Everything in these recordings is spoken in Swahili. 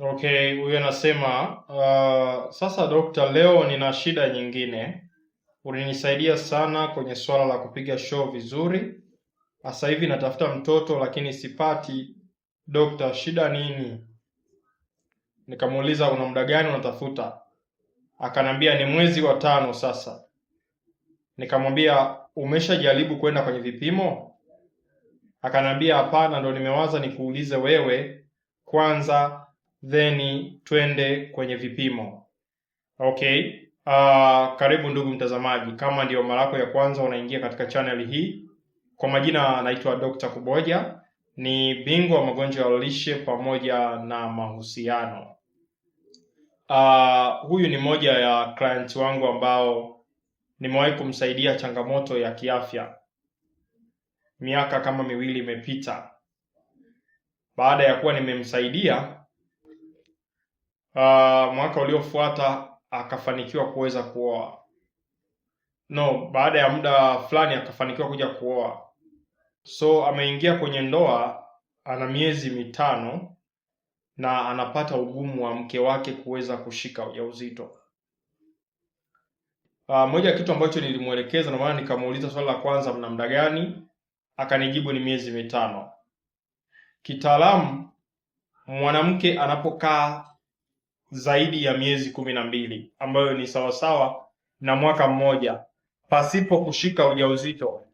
Okay, huyu anasema uh, sasa dokta, leo nina shida nyingine. Ulinisaidia sana kwenye swala la kupiga show vizuri. Sasa hivi natafuta mtoto lakini sipati. Dokta, shida nini? Nikamuuliza una muda gani unatafuta? Akanambia ni mwezi wa tano sasa. Nikamwambia umeshajaribu kwenda kwenye vipimo? Akanambia hapana, ndo nimewaza nikuulize wewe kwanza then twende kwenye vipimo. Okay. Uh, karibu ndugu mtazamaji, kama ndio mara yako ya kwanza unaingia katika channel hii, kwa majina naitwa Dr. Kuboja, ni bingwa wa magonjwa ya lishe pamoja na mahusiano. Uh, huyu ni moja ya client wangu ambao nimewahi kumsaidia changamoto ya kiafya miaka kama miwili imepita. Baada ya kuwa nimemsaidia uh, mwaka uliofuata akafanikiwa kuweza kuoa, no, baada ya muda fulani akafanikiwa kuja kuoa. So ameingia kwenye ndoa, ana miezi mitano na anapata ugumu wa mke wake kuweza kushika ujauzito. Uh, moja ya kitu ambacho nilimwelekeza na maana nikamuuliza swali la kwanza, mna muda gani? Akanijibu ni miezi mitano. Kitaalamu, mwanamke anapokaa zaidi ya miezi kumi na mbili ambayo ni sawasawa na mwaka mmoja pasipo kushika ujauzito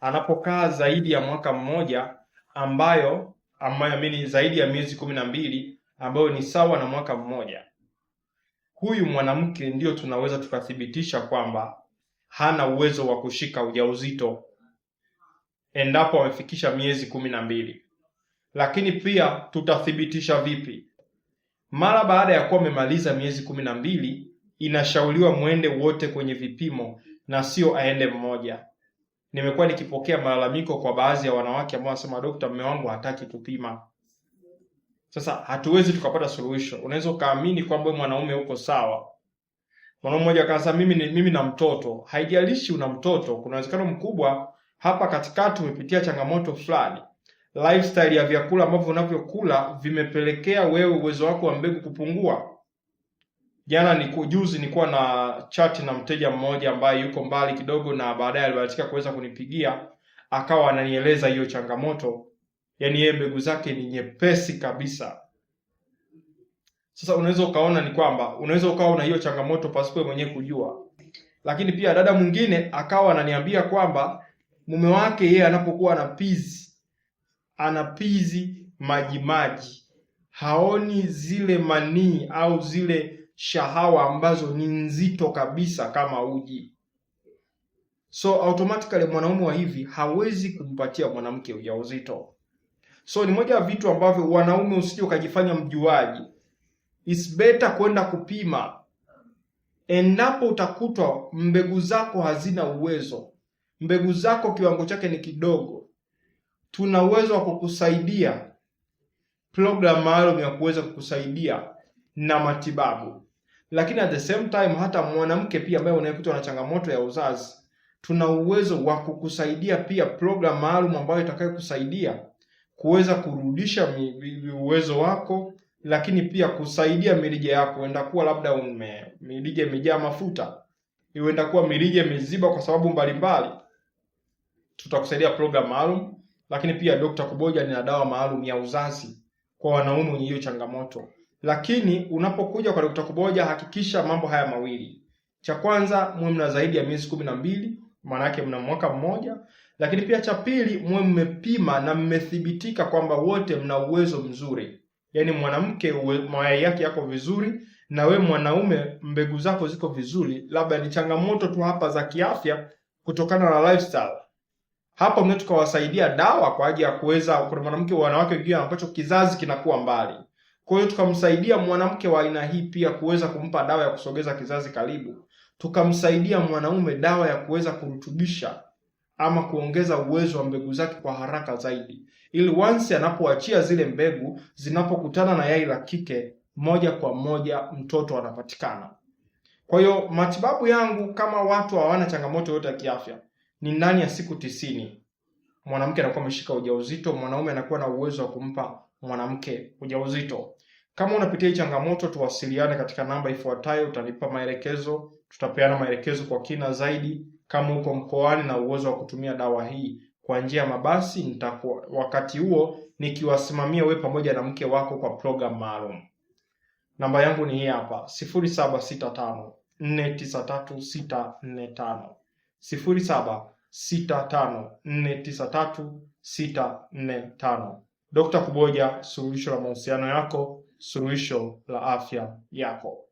anapokaa zaidi ya mwaka mmoja ambayo ambayo ni zaidi ya miezi kumi na mbili ambayo ni sawa na mwaka mmoja, huyu mwanamke ndiyo tunaweza tukathibitisha kwamba hana uwezo wa kushika ujauzito endapo amefikisha miezi kumi na mbili. Lakini pia tutathibitisha vipi? Mara baada ya kuwa amemaliza miezi kumi na mbili, inashauriwa mwende wote kwenye vipimo na sio aende mmoja. Nimekuwa nikipokea malalamiko kwa baadhi ya wanawake ambao wanasema, dokta, mume wangu hataki kupima. Sasa hatuwezi tukapata suluhisho. Unaweza ukaamini kwamba mwanaume uko sawa. Mwanaume mmoja akasema, mimi ni mimi na mtoto. Haijalishi una mtoto, kuna uwezekano mkubwa hapa katikati umepitia changamoto fulani lifestyle ya vyakula ambavyo unavyokula vimepelekea wewe uwezo wako wa mbegu kupungua. Jana ni juzi nilikuwa na chat na mteja mmoja ambaye yuko mbali kidogo, na baadaye alibahatika kuweza kunipigia akawa ananieleza hiyo changamoto, yaani yeye mbegu zake ni nyepesi kabisa. Sasa unaweza ukaona ni kwamba unaweza ukawa na hiyo changamoto pasipo mwenyewe kujua. Lakini pia dada mwingine akawa ananiambia kwamba mume wake yeye anapokuwa na pizi anapizi majimaji, haoni zile manii au zile shahawa ambazo ni nzito kabisa kama uji. So automatically mwanaume wa hivi hawezi kumpatia mwanamke ujauzito. So ni moja ya vitu ambavyo wanaume, usije ukajifanya mjuaji. It's better kwenda kupima. Endapo utakutwa mbegu zako hazina uwezo, mbegu zako kiwango chake ni kidogo, tuna uwezo wa kukusaidia programu maalum ya kuweza kukusaidia na matibabu, lakini at the same time hata mwanamke pia ambaye unayekutwa na changamoto ya uzazi, tuna uwezo wa kukusaidia pia programu maalum ambayo itakayokusaidia kuweza kurudisha uwezo wako, lakini pia kusaidia mirija yako, enda kuwa labda ume mirija imejaa mafuta, iwenda kuwa mirija imeziba kwa sababu mbalimbali, tutakusaidia programu maalum lakini pia Dr. Kuboja nina dawa maalum ya uzazi kwa wanaume wenye hiyo changamoto. Lakini unapokuja kwa Dr. Kuboja hakikisha mambo haya mawili. Cha kwanza muwe mna zaidi ya miezi kumi na mbili, maana yake mna mwaka mmoja. Lakini pia cha pili muwe mmepima na mmethibitika kwamba wote mna uwezo mzuri. Yaani mwanamke mayai yake yako vizuri na we mwanaume mbegu zako ziko vizuri, labda ni changamoto tu hapa za kiafya kutokana na lifestyle hapo mnaweza tukawasaidia dawa kwa ajili ya kuweza, kuna mwanamke wanawake wengine ambacho kizazi kinakuwa mbali, kwa hiyo tukamsaidia mwanamke wa aina hii pia kuweza kumpa dawa ya kusogeza kizazi karibu, tukamsaidia mwanaume dawa ya kuweza kurutubisha ama kuongeza uwezo wa mbegu zake kwa haraka zaidi, ili once anapoachia zile mbegu zinapokutana na yai la kike moja kwa moja mtoto anapatikana. Kwa hiyo matibabu yangu, kama watu hawana changamoto yoyote ya kiafya, ni ndani ya siku tisini mwanamke anakuwa ameshika ujauzito, mwanaume anakuwa na uwezo wa kumpa mwanamke ujauzito. Kama unapitia hii changamoto, tuwasiliane katika namba ifuatayo. Utanipa maelekezo, tutapeana maelekezo kwa kina zaidi. Kama uko mkoani na uwezo wa kutumia dawa hii kwa njia ya mabasi, nitakuwa wakati huo nikiwasimamia wewe pamoja na mke wako kwa programu maalum. Namba yangu ni hii hapa, 0765493645. 0765493645. Dr. Kuboja, suluhisho la mahusiano yako, suluhisho la afya yako.